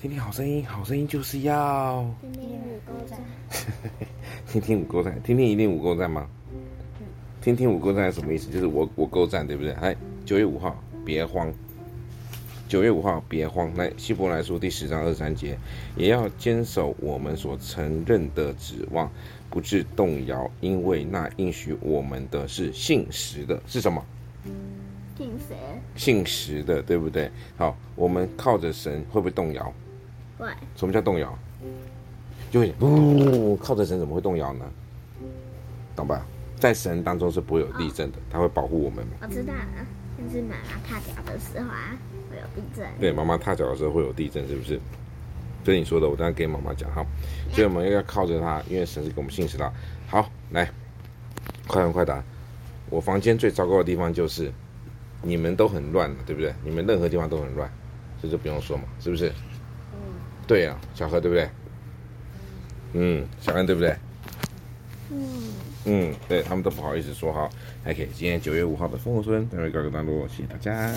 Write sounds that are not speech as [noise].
聽聽好聲音，好聲音就是要聽聽,聽,勾 [laughs] 聽聽五夠讚。聽聽五夠讚，聽聽一定五夠讚嗎、嗯？聽聽五夠讚是什麼意思？就是我我夠讚，對不對？哎，九月五號別慌，九月五號別慌。來，希伯來說第十章二十三節，也要堅守我們所承認的指望，不致動搖，因為那應許我們的是信實的，是什麼？信、嗯、實。信實的，對不對？好，我們靠着神會不會動搖？什麼叫動搖？就會嗚、哦，靠着神怎麼會動搖呢？懂吧？在神當中是不會有地震的，他、哦、會保護我們。我知道了，但是媽媽踏腳的時候會有地震。對，媽媽踏腳的時候會有地震，是不是？所以你說的，我等下給媽媽講哈。所以我們要靠着他，因為神是給我們信實的。好，來，快問快答。我房間最糟糕的地方就是你們都很亂，對不對？你們任何地方都很亂，所以就不用說嘛，是不是？對呀、啊，小禾對不對？嗯，嗯，小恩對不對？嗯，嗯，對，他們都不好意思說哈。OK，今天九月五號的《豐禾碩恩》等會告一段落，謝謝大家。